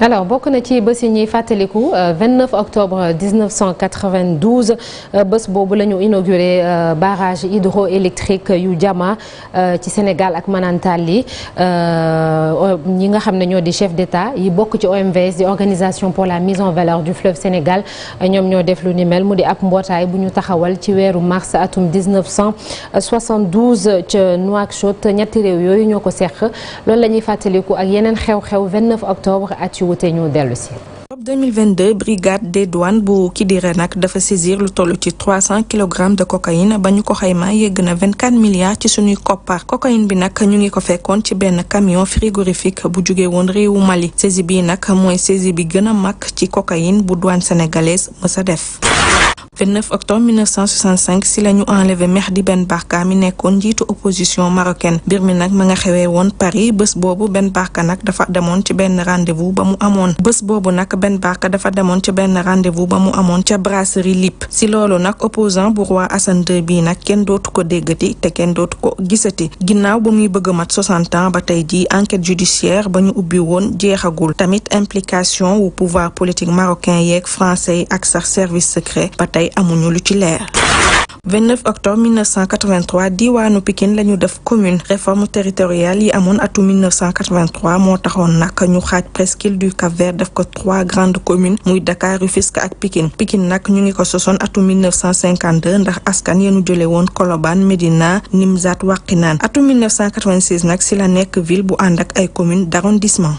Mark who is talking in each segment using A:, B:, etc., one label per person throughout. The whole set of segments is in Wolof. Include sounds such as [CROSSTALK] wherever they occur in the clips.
A: alors bokk na ci bës yi ñuy fàttaliku 29 euh, octobre 1992 euh, bés boobu la ñu barage euh, barrage hydroélectrique yu Diama ci Sénégal ak Manantali ñi nga xam ne ñoo di chef d'État yi bokk ci OMVS di organisation pour la mise en valeur du fleuve Sénégal ñoom ñoo def lu ni mel mu di ab mbootaay bu ñu taxawal ci weeru mars atum 1972 ca Nouakchott ñetti réew yooyu ñoo ko seq loolu la ñuy fàttaliku ak yeneen xew-xew 29 octobre wute ñu dellu si.
B: 2022 brigade des douanes bu Kidira nag dafa saisir lu toll ci 300 kilogrammes de cocaïne ba ñu ko ma yegg na 24 milliards ci suñuy koppar cocaïne bi nag ñu ngi ko fekkoon ci benn camion frigorifique bu jugee woon réewu Mali saisie bii nag mooy saisie bi gën a mag ci cocaïne bu douane sénégalaise mësa def. 29 octobre 1965 si la ñu enlevé Mehdi Ben Barka mi nekkoon njiitu opposition marocaine mbir mi nag ma nga xewee woon Paris bés boobu Ben Barka nag dafa demoon ci benn rendez-vous ba mu amoon bés boobu nag Ben Barka dafa demoon ci benn rendez-vous ba mu amoon ca brasserie Lipp si loolu nag opposant bu roi Hassan II bii nag kenn dootu ko déggati te kenn dootu ko gisati ginnaaw ba muy bëgg mat 60 ans ba tey jii enquête judiciaire ba ñu ubbi woon jeexagul tamit implication wu pouvoir politique marocain yeeg français yi ak sax service secret ba tey tey amuñu lu ci leer. 29 octobre 1983 diwaanu Pikine la ñu def commune réforme territoriale yi amoon atu 1983 moo taxoon nag ñu xaaj presqu'île du Cap-Vert def ko trois grandes communes muy Dakar Rufisque ak pikin pikin nag ñu ngi ko sosoon atu 1952 ndax askan yeenu jële woon Colobane Médina Nimzat Wakhinane atu 1986 nag si la nekk ville bu ànd ak ay communes d'arrondissement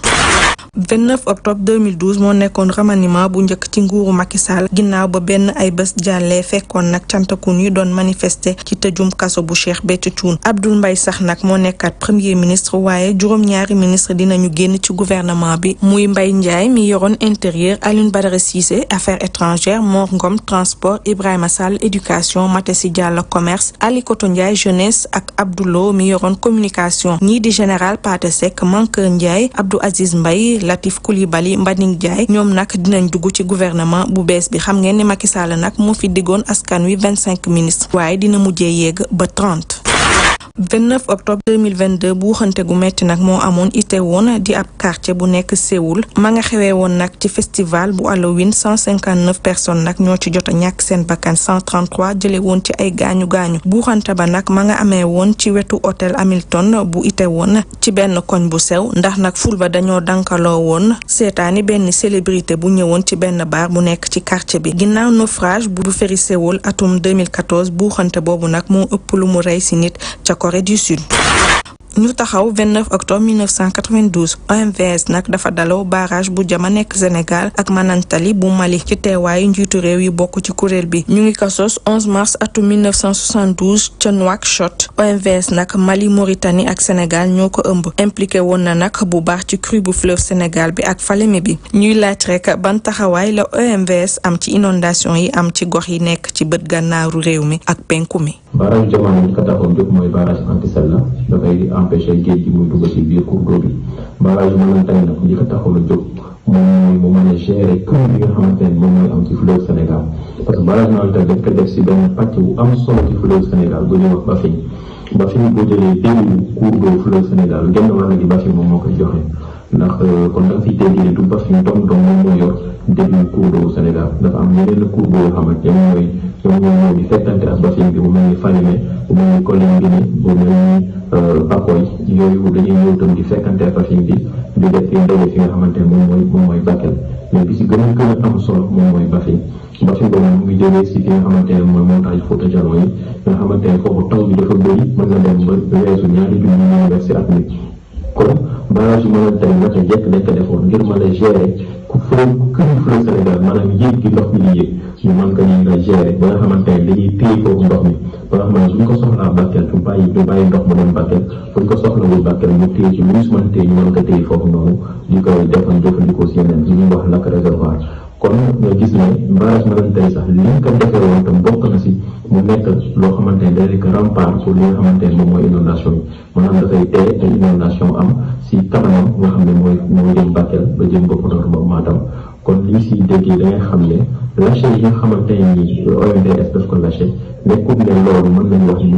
B: 29 octobre 2012 moo nekkoon remaniement bu njëkk ci nguuru Macky Sall ginnaaw ba benn ay bës jàllee fekkoon nag cantakun yi doon manifester ci tëjum kaso bu Cheikh Béthio Thioune Abdoul mbay sax nag moo nekkaat premier ministre waaye juróom-ñaari ministre dinañu génn ci gouvernement bi muy mbay Ndiaye mi yoroon intérieur Alioune Badara Cissé affaires étrangères Mor Ngom transport Ibrahima Sall éducation Matassi Diallo commerce Ali Koto Ndiaye jeunesse ak Abdoulo mi yoroon communication ñii di général Pathé Seck Mankeur Ndiaye Abdou Aziz Mbaye Guèye Latif Coulibaly Mbaning Ndiaye ñoom nag dinañ dugg ci gouvernement bu bees bi xam ngeen ne Macky Sall nag moo fi diggoon askan wi vingt cinq ministres waaye dina mujje yegg ba trente. 29 octobre 2022 bu waxante gu metti nag moo amoon Itaewon di ab quartier bu nekk Séoul ma nga xewee woon nag ci festival bu Halloween 159 personnes nag ñoo ci jot a ñàkk seen bakkan 133 jëlee woon ci ay gaañu gaañu buuxante ba nag ma nga amee woon ci wetu hôtel Hamilton bu Itaewon ci benn koñ bu sew ndax nag ful ba dañoo dankaloo woon seetaani benn célébrité bu ñëwoon ci benn bar bu nekk ci quartier bi ginnaaw naufrage bu ferry Séoul atum 2014 buuxante boobu nag moo ëpp lu mu rey si nit ca Corée du Sud. ñu taxaw 29 octobre 1992 OMVS nag dafa daloo barrage bu Jama nekk Sénégal ak Manantali bu Mali ci teewaayu njiitu réew yi bokk ci kuréel bi ñu ngi kasos 11 mars atum 1972 ca Nouakchott OMVS nag Mali Mauritanie ak Sénégal ñoo ko ëmb impliqué woon na nag bu baax ci crue bu fleuve Sénégal bi ak Falémé bi ñuy laaj rek ban taxawaay la OMVS am ci inondation yi am ci gox yi nekk ci bët gànnaaru réew mi ak penku mi.
C: empêché géej gi muy dugg ci biir cours d'eau bi barrage Manantang nag li ko taxoon a jóg moom mooy mu mën a gérer crues nga xamante ne moom mooy am ci fleuve Sénégal parce que barrage Manantang dañ ko benn pàcc bu am solo ci fleuve Sénégal bu ñuy wax Baffin Baffin boo jëlee début cours d'eau fleuve Sénégal genn wàll gi Baffin moom moo koy joxe ndax euh, kon da nga fiy déggee du Baffin dong dong du cours d'eau Sénégal dafa am yeneen cours d'eau yoo xamante ne mooy ñoom ñoo ñëw di fekkante ak bassin bi bu mel ni a gën a am solo moom mooy bassin bassin boobu nga xamante ne mooy bëri mën ñaari junni université at mi kon balaa ci mën a tey naka jekk nekk defoon ngir mën a gérer ku fleuve ku fleuve Sénégal a yéeg gi ndox mi di yéeg ñu mën ko ñu nga gérer ba nga xamante ne dañuy téye kooku ndox mi ba nga xamante ko soxlaa Bakel du bàyyi du bàyyi ndox mu dem Bakel bu ñu ko soxlawul Bakel mu téye ci lu ñu mën téye ñu mën ko téye foofu noonu di koy defal jëfandikoo si yeneen li ñuy wax lakk réservoir kon nga gis ne mbarage madame tey sax li ñu ko defee mu loo xamante ne ne moom mooy inondation yi maanaam dafay teye ay am si kanamam nga xam ne mooy mooy jëm Bakel ba jëm ba Podor ba Matam kon lii si déggee da ngay xam ne lâché yi nga xamante ni OMDS daf ko lâché nekkul ne inondation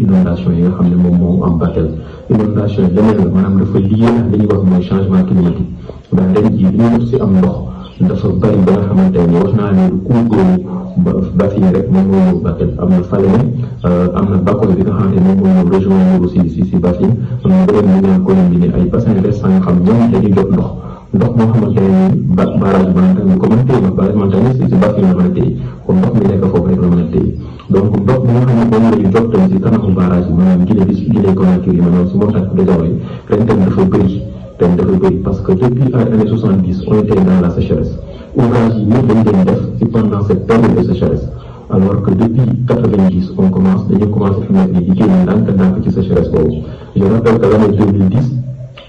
C: yi nga xam ne moom moo am Bakel inondation yi leneen la maanaam dafa liggéey ak li wax mooy changement climatique ndax dañ ji li ñu def si am ndox dafa bari ba nga xamante ne wax naa ne kuugóobu ba Baffinè rek moom moo ñëw Bakel am na Falémé euh, am na Bakoy bi nga xamante ne moom moo ñëw région si si si Baffinè am na beneen bi nga commune bi ay bassin restant nga xam ñoom dañuy jot ndox ndox moo xamante ne ba barrage Manantang bi ko mën a téye barrage Manantang si si Baffinè la mën a téye kon ndox mi nekk foofu rek la mën a téye donc ndox bi nga xam ne moom la ñu jot tamit si kanamu barrage bi maanaam Guinée bi Guinée Conakry maanaam si montagne de Diaoulé ren tamit dafa bëri peine dafay parce que depuis les années soixante dix on était dans la sécheresse ouvrage yi ñëpp dañ def ci pendant cette période de sécheresse alors que depuis on commence dañu commencé fi nekk di génn ndànk ndànk ci sécheresse boobu je rappelle que l'année deux mille dix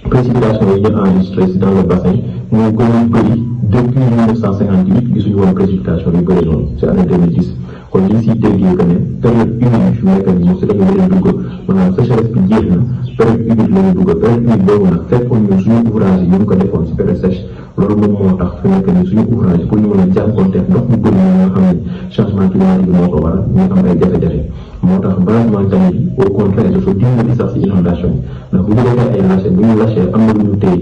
C: précipitations yi ñu dans le bassin moo gën a bëri depuis 1958 gisuñu woon précipitation yu bëri noonu ci année 2010 kon li ñu siy déggee que ne période humide fu nekk nii moom si dañu leen dugg maanaam sécheresse bi jeex na période humide la ñu dugg période humide boobu nag fekkoon ñun suñu ouvrage yi ñu ko defoon si période sèche loolu moom moo tax fu nekk nii suñu ouvrage pour ñu mën a jànkuwanteeg ndox mu bëri nga xam ne changement climatique moo ko waral ñu am ay jafe-jafe moo tax branchement tamit au contraire dafa dimbali sax si inondation yi ndax bu ñu defee ay lâcher bu ñu lâcher am na lu ñu téye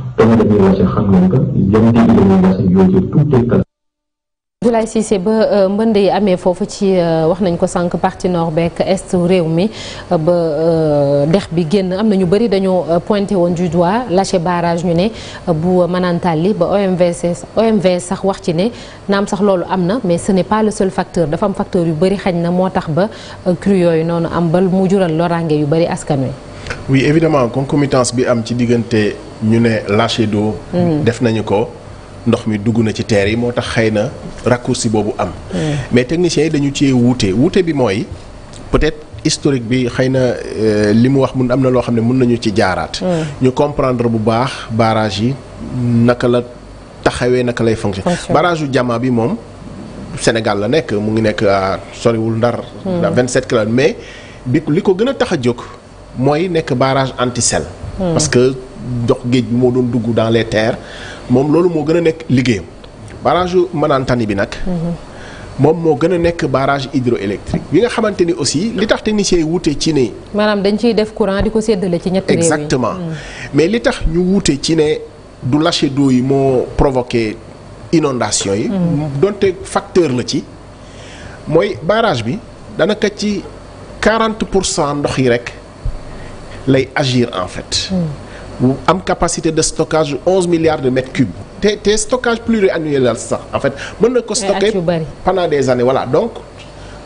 C: comme dañuy
A: ba euh, mbënd yi amee foofu ci euh, wax nañ ko sànq parti nord beek est réew mi euh, ba dex bi génn am na ñu bëri dañoo pointé woon du doigt lâché ñu ne bu manantal li ba OMVS sax wax ci ne naam sax loolu am na mais ce n'est pas le seul facteur dafa am facteur yu bëri xañ na moo tax ba cru yooyu noonu am ba mu jural loraange yu bëri askan wi.
D: oui évidemment concomitance bi am ci diggante ñu ne lâcher d'eau mm. def nañu ko ndox mi dugg na ci teer yi moo tax xëy na raccourci boobu am mm. mais techniciens yi dañu ci wuute wuute bi mooy peut-être historique bi xëy na euh, li mu wax mun am na loo xam ne mun nañu ci jaaraat mm. ñu comprendre bu baax barrage yi naka la taxawee naka lay fonctionner barrage yu jama bi moom Sénégal la nekk mu ngi nekk soriwul Ndar 27 kilomètres mais bi li ko gën a tax a jóg mooy nekk barrage anti-sel hmm. parce que ndox géej bi moo doon dugg dans les terres moom loolu moo gën a nekk liggéeyam barrage Manantani bi nag hmm. moom moo gën a nekk barrage hydroélectrique bi nga xamante ni aussi li tax techniciens yi wuute ci ne
A: maanaam dañ ciy def courant di ko séddale ci ñetti réew yi
D: hmm. mais li tax ñu wuute ci ne du lâcher d'eau yi moo provoqué inondation yi donte facteur la ci mooy barrage bi danaka ci 40 pour cent ndox yi rek lay agir en fait. am capacité de stockage onze milliards de mètres cubes te te stockage pluriannuel sax en fait. mën na ko stocké pendant des années voilà donc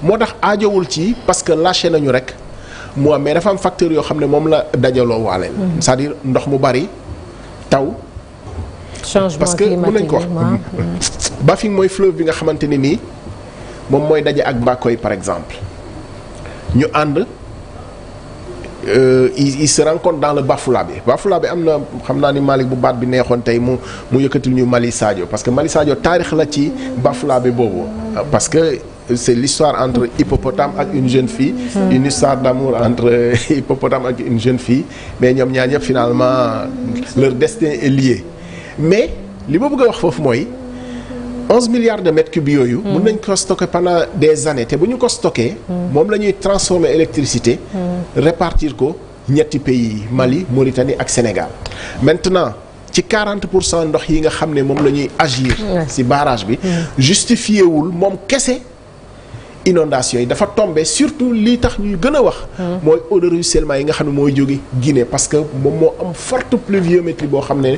D: moo tax aajowul ci parce que lâché nañu rek mu am mais dafa am facteur yoo xam ne moom la dajaloo waaleel. Mhm. cest à ndox mu bari taw.
A: changement parce que mën nañ ko mhm.
D: Bafing mooy fleuve bi nga xamante ne nii moom mooy daje ak Bakoy par exemple ñu ànd. Euh, il il se rencontre dans le Bafoullabé Bafoullabé am na xam naa ni Malick bu baat bi neexoon tey mu mu yëkkatil ñu Mali Sadio parce que Mali Sadio taarix la ci Bafoullabé boobu parce que. c'est l'histoire entre hippopotame ak un jeune fii hmm. une histoire d'amour entre [LAUGHS] hippopotame ak une jeune fille mais ñoom ñaar ñëpp finalement leur destin est lié mais li ma bëgg wax foofu mooy onze milliards de mètres cubes yooyu hmm. mun nañ ko stocker pendant des années te bu ñu ko stocké hmm. la ñuy transformer électricité répartir ko ñetti pays Mali Mauritanie ak Sénégal maintenant ci 40 pour cent ndox yi nga xam ne moom la ñuy agir ci barrage bi justifié wul moom kese inondation yi dafa tombé surtout lii tax ñuy gën a wax mooy eau de yi nga xam ne mooy jóge Guinée parce que moom moo am forte pluviométrie boo xam ne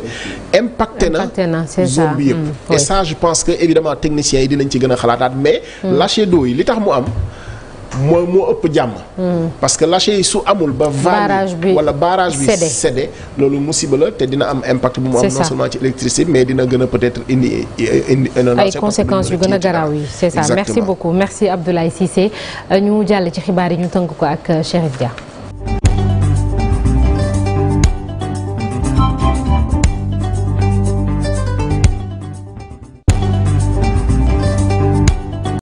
A: impacte na zone bi yëpp mm, et ça
D: je pense que évidemment techniciens yi dinañ ci gën a xalaataat mais mm. lâcher d'eau yi li tax mu am moo moo ëpp jàmm. Hmm. parce que lâcher yi su amul ba. varage bi wala barrage bi séddee. loolu musiba la te dina am impact bu mu am. non seulement ci électricité mais dina gën a peut-être indi indi. ay conséquences yu gën a garaaw yi c'est ça merci
A: beaucoup merci Abdoulaye Cissé ñu jàll ci xibaar yi ñu tënk ko ak Chérif Dia.